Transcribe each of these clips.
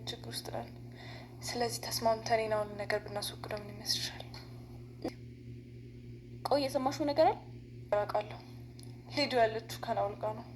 ከባድ ችግር ውስጥ ናል። ስለዚህ ተስማምተን ናውን ነገር ብናስወግደው ምን ይመስልሻል? ቆይ የሰማሽው ነገር አለ? አውቃለሁ። ሄዱ ያለችው ከናኦል ጋር ነው።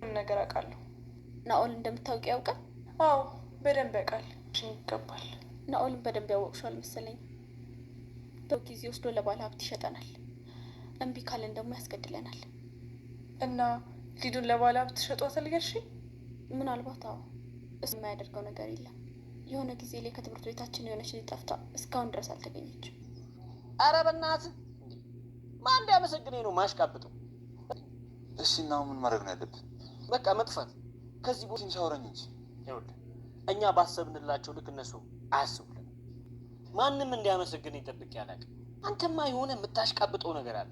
ምን ነገር አውቃለሁ። ናኦል እንደምታውቂ ያውቃል? አዎ በደንብ ያውቃል። ይገባል። ናኦልን በደንብ ያወቅሽዋል መሰለኝ። ጊዜ ወስዶ ለባለ ሀብት ይሸጠናል። እምቢ ካለን ደግሞ ያስገድለናል። እና ሊዱን ለባለ ሀብት ሸጧታል? ገርሽ ምናልባት አዎ እሱ የማያደርገው ነገር የለም። የሆነ ጊዜ ላይ ከትምህርት ቤታችን የሆነች ልጅ ጠፍታ እስካሁን ድረስ አልተገኘችም። አረ በእናትህ ማን ነው ማሽቃብጠው? እሺ እና ምን ማድረግ ነው ያለብን? በቃ መጥፋት ከዚህ ቦታ ሳውረኝ እንጂ እኛ ባሰብንላቸው ልክ እነሱ አያስቡልን። ማንም እንዲያመሰግነኝ ጠብቄ አላውቅም። አንተማ የሆነ የምታሽቃብጠው ነገር አለ።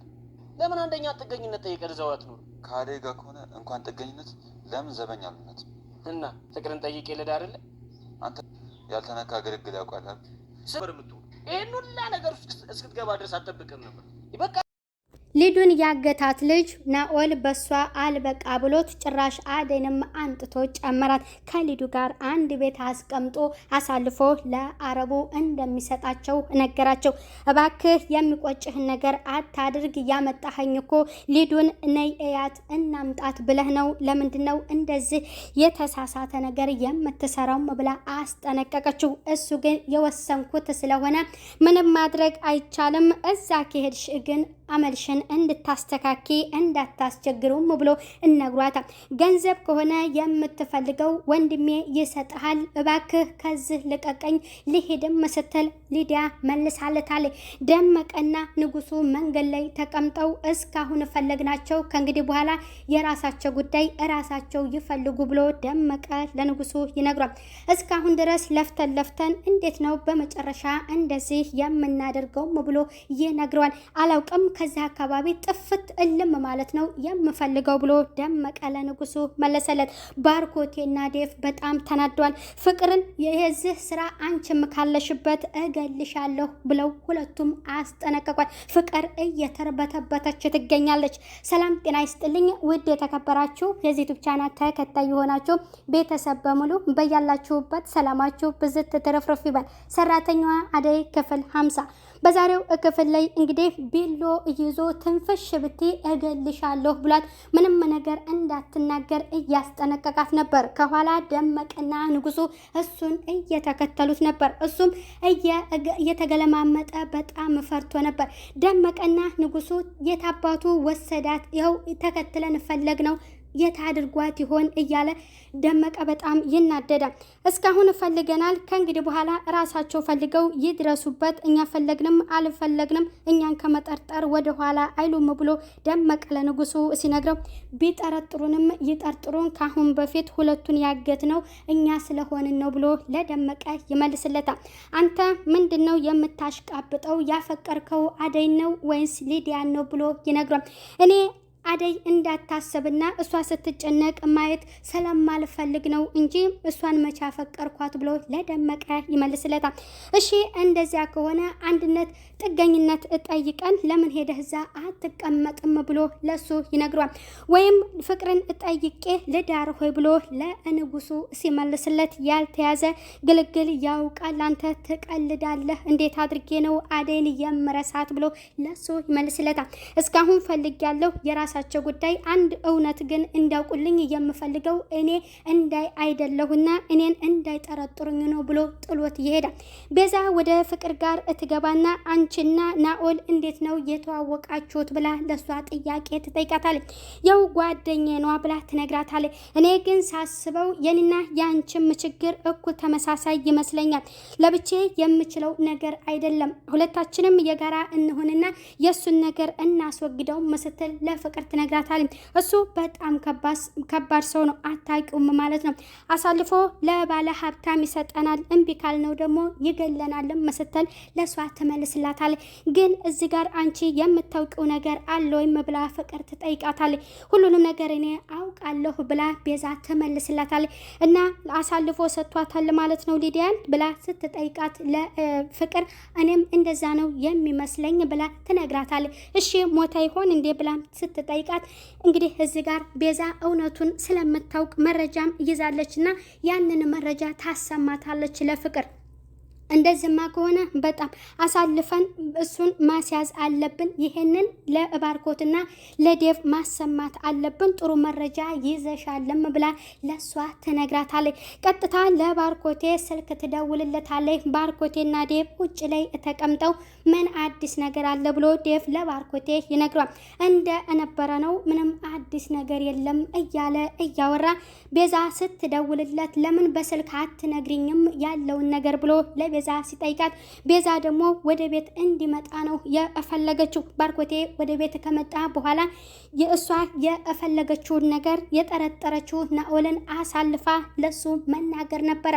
ለምን አንደኛ ጥገኝነት ጠይቀህ እዛው አትኖርም? ከአደጋ ከሆነ እንኳን ጥገኝነት ለምን ዘበኛ አሉነት እና ፍቅርን ጠይቄ ልድ አይደለ አንተ ያልተነካ ግርግር ያውቃል። ስበር የምትሆኑ ይህን ሁላ ነገር እስክትገባ ድረስ አጠብቅም ነበር በቃ ሊዱን ያገታት ልጅ ናኦል በሷ አልበቃ ብሎት ጭራሽ አደንም አንጥቶ ጨመራት። ከሊዱ ጋር አንድ ቤት አስቀምጦ አሳልፎ ለአረቡ እንደሚሰጣቸው ነገራቸው። እባክህ የሚቆጭህን ነገር አታድርግ፣ ያመጣኸኝ እኮ ሊዱን ነይ እያት እናምጣት ብለህ ነው። ለምንድን ነው እንደዚህ የተሳሳተ ነገር የምትሰራውም? ብላ አስጠነቀቀችው። እሱ ግን የወሰንኩት ስለሆነ ምንም ማድረግ አይቻልም፣ እዛ ከሄድሽ ግን አመልሽን እንድታስተካኪ እንዳታስቸግረውም ብሎ እነግሯታ ገንዘብ ከሆነ የምትፈልገው ወንድሜ ይሰጥሃል፣ እባክህ ከዚህ ልቀቀኝ ልሄድም ስትል ሊዲያ መልሳለታለች። ደመቀና ንጉሱ መንገድ ላይ ተቀምጠው እስካሁን ፈለግናቸው፣ ከእንግዲህ በኋላ የራሳቸው ጉዳይ እራሳቸው ይፈልጉ ብሎ ደመቀ ለንጉሱ ይነግሯል። እስካሁን ድረስ ለፍተን ለፍተን እንዴት ነው በመጨረሻ እንደዚህ የምናደርገውም ብሎ ይነግረዋል። አላውቅም ከዚህ አካባቢ ጥፍት እልም ማለት ነው የምፈልገው ብሎ ደመቀ ለንጉሱ መለሰለት። ባርኮቴና ዴፍ በጣም ተናዷል። ፍቅርን የዚህ ስራ አንቺም ካለሽበት እገልሻለሁ ብለው ሁለቱም አስጠነቀቋል። ፍቅር እየተርበተበተች ትገኛለች። ሰላም ጤና ይስጥልኝ ውድ የተከበራችሁ የዩቲዩብ ቻናል ተከታይ የሆናችሁ ቤተሰብ በሙሉ በያላችሁበት ሰላማችሁ ብዝት ትርፍርፍ ይበል። ሰራተኛዋ አደይ ክፍል ሀምሳ በዛሬው ክፍል ላይ እንግዲህ ቢሎ ይዞ ትንፍሽ ብቴ እገልሻለሁ ብሏት ምንም ነገር እንዳትናገር እያስጠነቀቃት ነበር። ከኋላ ደመቅና ንጉሱ እሱን እየተከተሉት ነበር። እሱም እየተገለማመጠ በጣም ፈርቶ ነበር። ደመቀና ንጉሱ የታባቱ ወሰዳት፣ ይኸው ተከትለን ፈለግ ነው የት አድርጓት ይሆን እያለ ደመቀ በጣም ይናደዳል። እስካሁን ፈልገናል፣ ከእንግዲህ በኋላ ራሳቸው ፈልገው ይድረሱበት። እኛ ፈለግንም አልፈለግንም እኛን ከመጠርጠር ወደኋላ አይሉም ብሎ ደመቀ ለንጉሱ ሲነግረው ቢጠረጥሩንም ይጠርጥሩን፣ ካሁን በፊት ሁለቱን ያገት ነው እኛ ስለሆንን ነው ብሎ ለደመቀ ይመልስለታል። አንተ ምንድን ነው የምታሽቃብጠው? ያፈቀርከው አደይ ነው ወይንስ ሊዲያን ነው ብሎ ይነግሯል። እኔ አደይ እንዳታሰብና እሷ ስትጨነቅ ማየት ስለማልፈልግ ነው እንጂ እሷን መቼ አፈቀርኳት ብሎ ለደመቀ ይመልስለታል። እሺ እንደዚያ ከሆነ አንድነት ጥገኝነት እጠይቀን ለምን ሄደህ እዛ አትቀመጥም ብሎ ለሱ ይነግሯል። ወይም ፍቅርን እጠይቄ ልዳር ሆይ ብሎ ለንጉሱ ሲመልስለት ያልተያዘ ግልግል ያውቃል። አንተ ትቀልዳለህ፣ እንዴት አድርጌ ነው አደይን የምረሳት ብሎ ለሱ ይመልስለታል። እስካሁን ፈልግ ያለው የራሳ የራሳቸው ጉዳይ። አንድ እውነት ግን እንዲያውቁልኝ የምፈልገው እኔ እንዳይ አይደለሁና እኔን እንዳይጠረጥሩኝ ነው ብሎ ጥሎት ይሄዳል። ቤዛ ወደ ፍቅር ጋር እትገባና አንቺና ናኦል እንዴት ነው የተዋወቃችሁት ብላ ለሷ ጥያቄ ትጠይቃታለች። ያው ጓደኛ ነዋ ብላ ትነግራታለች። እኔ ግን ሳስበው የኔና የአንቺም ችግር እኩል ተመሳሳይ ይመስለኛል። ለብቼ የምችለው ነገር አይደለም። ሁለታችንም የጋራ እንሆንና የእሱን ነገር እናስወግደው ምስትል ለፍቅር ትነግራታለች። እሱ በጣም ከባድ ሰው ነው፣ አታውቂውም ማለት ነው። አሳልፎ ለባለ ሀብታም ይሰጠናል፣ እምቢ ካልነው ደግሞ ይገለናል መስተል ለእሷ ትመልስላታለች። ግን እዚህ ጋር አንቺ የምታውቂው ነገር አለ ወይም ብላ ፍቅር ትጠይቃታለች። ሁሉንም ነገር እኔ አውቃለሁ ብላ ቤዛ ትመልስላታለች። እና አሳልፎ ሰጥቷታል ማለት ነው ሊዲያን ብላ ስትጠይቃት ለፍቅር እኔም እንደዛ ነው የሚመስለኝ ብላ ትነግራታለች። እሺ ሞታ ይሆን እንዴ ብላ ስትጠይቃት እንግዲህ እዚህ ጋር ቤዛ እውነቱን ስለምታውቅ መረጃም ይዛለችና ያንን መረጃ ታሰማታለች ለፍቅር እንደዚህማ ከሆነ በጣም አሳልፈን እሱን ማስያዝ አለብን። ይሄንን ለባርኮትና ለዴቭ ማሰማት አለብን። ጥሩ መረጃ ይዘሻለም ብላ ለእሷ ትነግራታለች። ቀጥታ ለባርኮቴ ስልክ ትደውልለታለች። ባርኮቴና ዴቭ ውጭ ላይ ተቀምጠው ምን አዲስ ነገር አለ ብሎ ዴቭ ለባርኮቴ ይነግሯል። እንደ ነበረ ነው፣ ምንም አዲስ ነገር የለም እያለ እያወራ ቤዛ ስትደውልለት ለምን በስልክ አትነግሪኝም ያለውን ነገር ብሎ ቤዛ ሲጠይቃት ቤዛ ደግሞ ወደ ቤት እንዲመጣ ነው የፈለገችው። ባርኮቴ ወደ ቤት ከመጣ በኋላ የእሷ የፈለገችውን ነገር የጠረጠረችው ናኦልን አሳልፋ ለሱ መናገር ነበረ።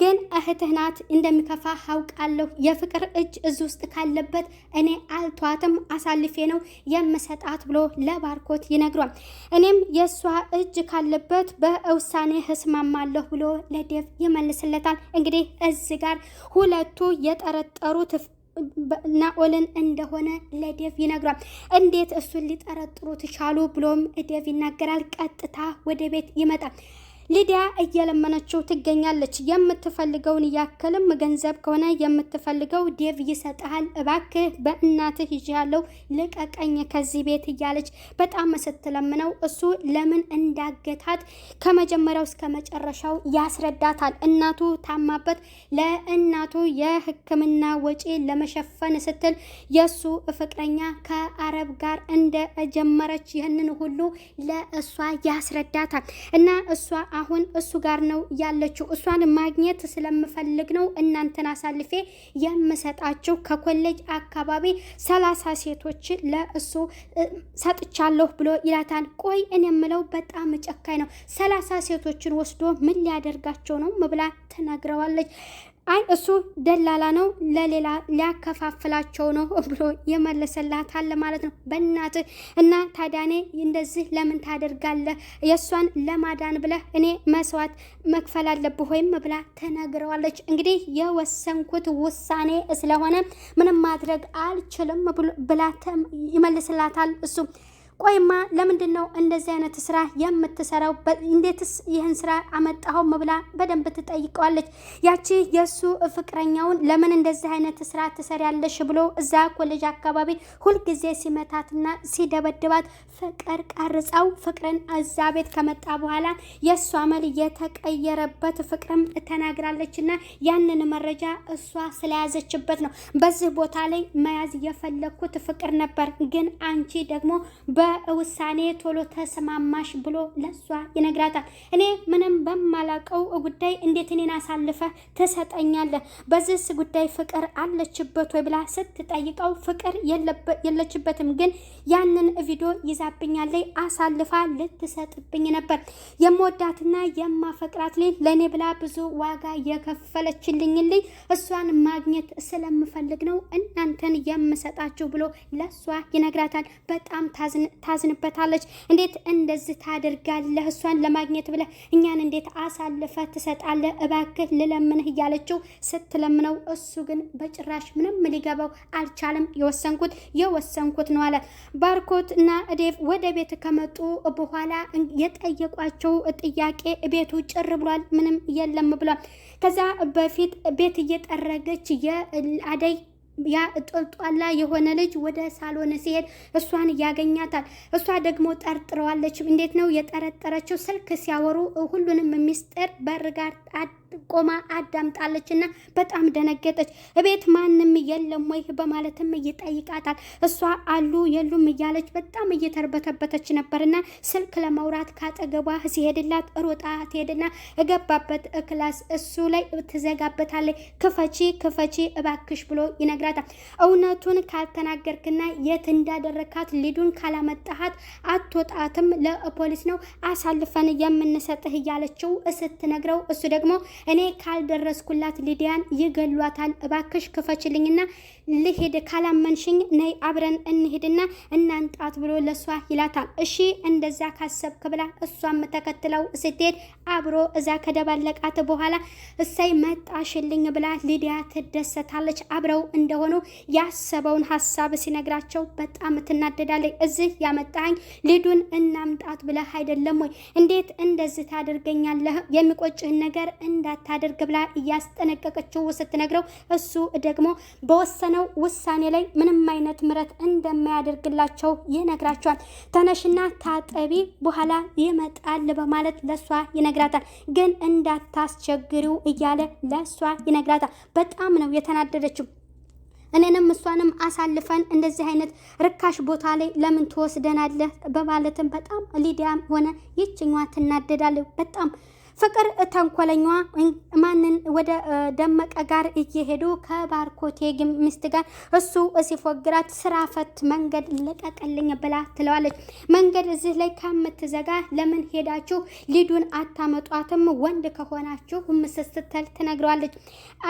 ግን እህትህ ናት እንደሚከፋ አውቃለሁ። የፍቅር እጅ እዚህ ውስጥ ካለበት እኔ አልቷትም፣ አሳልፌ ነው የምሰጣት ብሎ ለባርኮት ይነግሯል። እኔም የእሷ እጅ ካለበት በውሳኔ እስማማለሁ ብሎ ለዴቭ ይመልስለታል። እንግዲህ እዚህ ጋር ሁለቱ የጠረጠሩት ናኦልን እንደሆነ ለዴቭ ይነግሯል። እንዴት እሱን ሊጠረጥሩት ቻሉ ብሎም ዴቭ ይናገራል። ቀጥታ ወደ ቤት ይመጣል። ሊዲያ እየለመነችው ትገኛለች። የምትፈልገውን ያክልም ገንዘብ ከሆነ የምትፈልገው ዴቭ ይሰጥሃል፣ እባክህ በእናትህ ይዣለው ልቀቀኝ ከዚህ ቤት እያለች በጣም ስትለምነው እሱ ለምን እንዳገታት ከመጀመሪያው እስከ መጨረሻው ያስረዳታል። እናቱ ታማበት ለእናቱ የሕክምና ወጪ ለመሸፈን ስትል የእሱ ፍቅረኛ ከአረብ ጋር እንደጀመረች ይህንን ሁሉ ለእሷ ያስረዳታል እና እሷ አሁን እሱ ጋር ነው ያለችው። እሷን ማግኘት ስለምፈልግ ነው እናንተን አሳልፌ የምሰጣቸው። ከኮሌጅ አካባቢ ሰላሳ ሴቶች ለእሱ ሰጥቻለሁ ብሎ ይላታል። ቆይ እኔ የምለው በጣም ጨካኝ ነው። ሰላሳ ሴቶችን ወስዶ ምን ሊያደርጋቸው ነው ብላ ትነግረዋለች። አይ እሱ ደላላ ነው፣ ለሌላ ሊያከፋፍላቸው ነው ብሎ አለ ማለት ነው። በእናት እና ታዲያኔ እንደዚህ ለምን ታደርጋለህ? የእሷን ለማዳን ብለህ እኔ መስዋዕት መክፈል አለብህ ወይም ብላ ተነግረዋለች እንግዲህ የወሰንኩት ውሳኔ ስለሆነ ምንም ማድረግ አልችልም ብላ ይመልስላታል እሱ ቆይማ ለምንድን ነው እንደዚህ አይነት ስራ የምትሰራው? እንዴትስ ይህን ስራ አመጣኸው? ብላ በደንብ ትጠይቀዋለች። ያቺ የእሱ ፍቅረኛውን ለምን እንደዚህ አይነት ስራ ትሰሪያለሽ ብሎ እዛ ኮሌጅ አካባቢ ሁልጊዜ ሲመታትና ሲደበድባት ፍቅር ቀርጸው ፍቅርን እዛ ቤት ከመጣ በኋላ የእሱ አመል የተቀየረበት ፍቅርም ተናግራለች። እና ያንን መረጃ እሷ ስለያዘችበት ነው በዚህ ቦታ ላይ መያዝ የፈለግኩት ፍቅር ነበር፣ ግን አንቺ ደግሞ በ በውሳኔ ቶሎ ተስማማሽ ብሎ ለሷ ይነግራታል። እኔ ምንም በማላቀው ጉዳይ እንዴት እኔን አሳልፈ ትሰጠኛለህ? በዚህስ ጉዳይ ፍቅር አለችበት ወይ ብላ ስትጠይቀው ፍቅር የለችበትም፣ ግን ያንን ቪዲዮ ይዛብኛለይ አሳልፋ ልትሰጥብኝ ነበር የምወዳትና የማፈቅራት ላይ ለእኔ ብላ ብዙ ዋጋ የከፈለችልኝ እሷን ማግኘት ስለምፈልግ ነው እናንተን የምሰጣችሁ ብሎ ለሷ ይነግራታል። በጣም ታዝን ታዝንበታለች። እንዴት እንደዚህ ታደርጋለህ? እሷን ለማግኘት ብለህ እኛን እንዴት አሳልፈ ትሰጣለህ? እባክህ ልለምንህ እያለችው ስትለምነው፣ እሱ ግን በጭራሽ ምንም ሊገባው አልቻለም። የወሰንኩት የወሰንኩት ነው አለ። ባርኮት እና ዴቭ ወደ ቤት ከመጡ በኋላ የጠየቋቸው ጥያቄ ቤቱ ጭር ብሏል፣ ምንም የለም ብሏል። ከዛ በፊት ቤት እየጠረገች የአደይ ያ ጦልጧላ የሆነ ልጅ ወደ ሳሎን ሲሄድ እሷን ያገኛታል። እሷ ደግሞ ጠርጥረዋለች። እንዴት ነው የጠረጠረችው? ስልክ ሲያወሩ ሁሉንም ሚስጥር በርጋር ቆማ አዳምጣለችና እና በጣም ደነገጠች። እቤት ማንም የለም ወይ በማለትም ይጠይቃታል። እሷ አሉ የሉም እያለች በጣም እየተርበተበተች ነበርና ስልክ ለማውራት ካጠገቧ ሲሄድላት ሮጣ ትሄድና እገባበት ክላስ እሱ ላይ ትዘጋበታለች። ክፈቺ ክፈቺ እባክሽ ብሎ ይነግራታል። እውነቱን ካልተናገርክና የት እንዳደረካት ሊዱን ካላመጣሃት አትወጣትም፣ ለፖሊስ ነው አሳልፈን የምንሰጥህ እያለችው ስትነግረው እሱ ደግሞ እኔ ካልደረስኩላት ሊዲያን ይገሏታል። እባክሽ ክፈችልኝና ልሄድ፣ ካላመንሽኝ ነይ አብረን እንሄድና እናንጣት ብሎ ለሷ ይላታል። እሺ እንደዛ ካሰብክ ብላ እሷም ተከትለው ስትሄድ አብሮ እዛ ከደባለቃት በኋላ እሰይ መጣሽልኝ ብላ ሊዲያ ትደሰታለች። አብረው እንደሆኑ ያሰበውን ሀሳብ ሲነግራቸው በጣም ትናደዳለች። እዚህ ያመጣኝ ሊዱን እናምጣት ብለህ አይደለም ወይ? እንዴት እንደዚህ ታደርገኛለህ? የሚቆጭህን ነገር እንዳ እንዳታደርግ ብላ እያስጠነቀቀችው ስትነግረው እሱ ደግሞ በወሰነው ውሳኔ ላይ ምንም አይነት ምረት እንደማያደርግላቸው ይነግራቸዋል። ተነሽና ታጠቢ በኋላ ይመጣል በማለት ለሷ ይነግራታል። ግን እንዳታስቸግሪው እያለ ለሷ ይነግራታል። በጣም ነው የተናደደችው። እኔንም እሷንም አሳልፈን እንደዚህ አይነት ርካሽ ቦታ ላይ ለምን ትወስደናለህ? በማለትም በጣም ሊዲያም ሆነ ይችኛዋ ትናደዳለች በጣም ፍቅር ተንኮለኛ ማንን ወደ ደመቀ ጋር እየሄዱ ከባርኮቴ ሚስት ጋር እሱ ሲፎግራት ስራ ፈት መንገድ ልቀቅልኝ ብላ ትለዋለች። መንገድ እዚህ ላይ ከምትዘጋ ለምን ሄዳችሁ ሊዱን አታመጧትም? ወንድ ከሆናችሁ ምስትል ትነግረዋለች።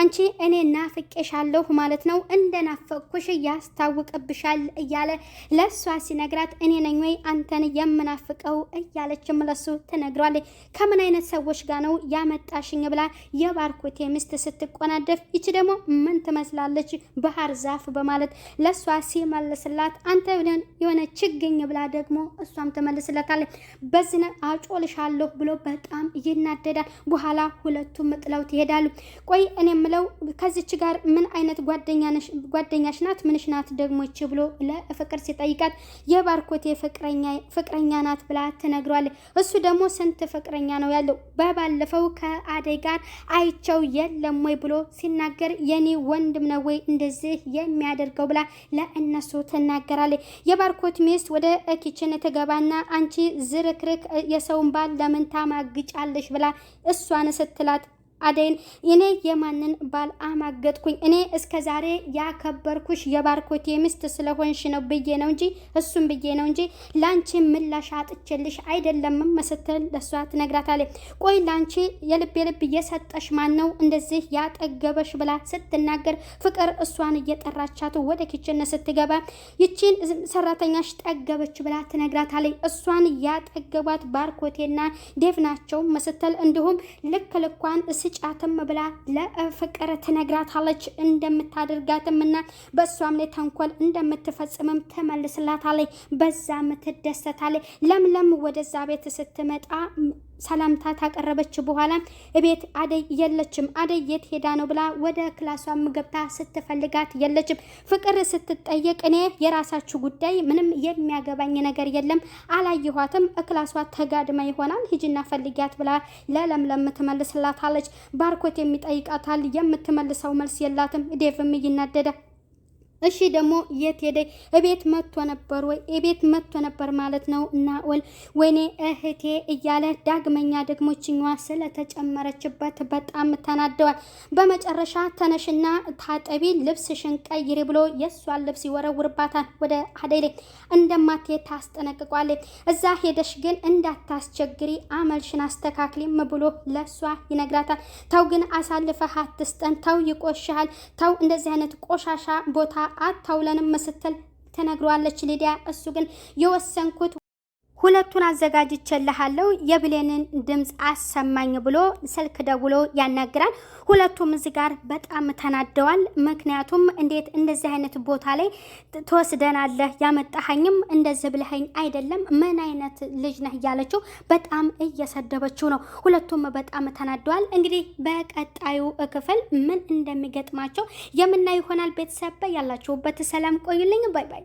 አንቺ እኔ ናፍቄሻለሁ ማለት ነው እንደ ናፈቅኩሽ ያስታውቅብሻል እያለ ለእሷ ሲነግራት እኔ ነኝ ወይ አንተን የምናፍቀው እያለችም ለሱ ትነግረዋለች። ከምን አይነት ሰዎች ቤተሰቦች ጋር ነው ያመጣሽኝ ብላ የባርኮቴ ሚስት ስትቆናደፍ፣ ይቺ ደግሞ ምን ትመስላለች ባህር ዛፍ በማለት ለእሷ ሲመልስላት፣ አንተ ብለን የሆነ ችግኝ ብላ ደግሞ እሷም ትመልስለታለች። በዝነ አጮልሻለሁ ብሎ በጣም ይናደዳል። በኋላ ሁለቱም ጥለውት ይሄዳሉ። ቆይ እኔ የምለው ከዚች ጋር ምን አይነት ጓደኛሽ ናት? ምንሽ ናት ደግሞ ብሎ ለፍቅር ሲጠይቃት የባርኮቴ ፍቅረኛ ናት ብላ ትነግሯለች። እሱ ደግሞ ስንት ፍቅረኛ ነው ያለው በባለፈው ከአደይ ጋር አይቸው የለም ወይ ብሎ ሲናገር የኔ ወንድም ነው ወይ እንደዚህ የሚያደርገው ብላ ለእነሱ ትናገራለች። የባርኮት ሚስት ወደ ኪችን ትገባና አንቺ ዝርክርክ የሰውን ባል ለምን ታማግጫለሽ ብላ እሷን ስትላት አደይን እኔ የማንን ባል አማገጥኩኝ? እኔ እስከ ዛሬ ያከበርኩሽ የባርኮቴ ሚስት ስለሆንሽ ነው ብዬ ነው እንጂ እሱም ብዬ ነው እንጂ ላንቺ ምላሽ አጥቼልሽ አይደለም መስትል ለሷ ትነግራታለች። ቆይ ላንቺ የልብ የልብ እየሰጠሽ ማን ነው እንደዚህ ያጠገበሽ ብላ ስትናገር ፍቅር እሷን እየጠራቻት ወደ ኪችን ስትገባ ይቺን ሰራተኛሽ ጠገበች ብላ ትነግራታለች። እሷን ያጠገቧት ባርኮቴና ዴቭ ናቸው መስትል እንዲሁም ልክ ልኳን ስጫትም ብላ ለፍቅር ትነግራታለች እንደምታደርጋትም እና በእሷም ላይ ተንኮል እንደምትፈጽምም ትመልስላታለች። በዛም ትደሰታለች። ለምለም ወደዛ ቤት ስትመጣ ሰላምታ ታቀረበች በኋላ እቤት አደይ የለችም፣ አደይ የት ሄዳ ነው ብላ ወደ ክላሷም ገብታ ስትፈልጋት የለችም። ፍቅር ስትጠየቅ እኔ የራሳችሁ ጉዳይ ምንም የሚያገባኝ ነገር የለም፣ አላየኋትም፣ እክላሷ ተጋድማ ይሆናል ሂጂና ፈልጊያት ብላ ለለምለም ትመልስላታለች። ባርኮት የሚጠይቃታል፣ የምትመልሰው መልስ የላትም። ዴቭም ይናደዳል። እሺ ደግሞ የት ሄደ? እቤት መጥቶ ነበር ወይ? እቤት መጥቶ ነበር ማለት ነው። እና ወል ወይኔ እህቴ እያለ ዳግመኛ ደግሞ ችኛዋ ስለተጨመረችበት በጣም ተናደዋል። በመጨረሻ ተነሽና ታጠቢ፣ ልብስሽን ቀይሪ ብሎ የእሷን ልብስ ይወረውርባታል ወደ አደይ እንደማትሄ ታስጠነቅቋለች። እዛ ሄደሽ ግን እንዳታስቸግሪ አመልሽን አስተካክሊም ብሎ ለእሷ ይነግራታል። ተው ግን አሳልፈህ አትስጠን፣ ተው ይቆሻል ተው እንደዚህ አይነት ቆሻሻ ቦታ አታውለንም ስትል ተነግሯለች ሊዲያ። እሱ ግን የወሰንኩት ሁለቱን አዘጋጅቼልሃለሁ የብሌንን ድምፅ አሰማኝ ብሎ ስልክ ደውሎ ያናግራል። ሁለቱም እዚህ ጋር በጣም ተናደዋል። ምክንያቱም እንዴት እንደዚህ አይነት ቦታ ላይ ትወስደናለህ? ያመጣኸኝም እንደዚህ ብለኸኝ አይደለም። ምን አይነት ልጅ ነህ? እያለችው በጣም እየሰደበችው ነው። ሁለቱም በጣም ተናደዋል። እንግዲህ በቀጣዩ ክፍል ምን እንደሚገጥማቸው የምናይ ይሆናል። ቤተሰብ ያላችሁበት ሰላም ቆዩልኝ። ባይ ባይ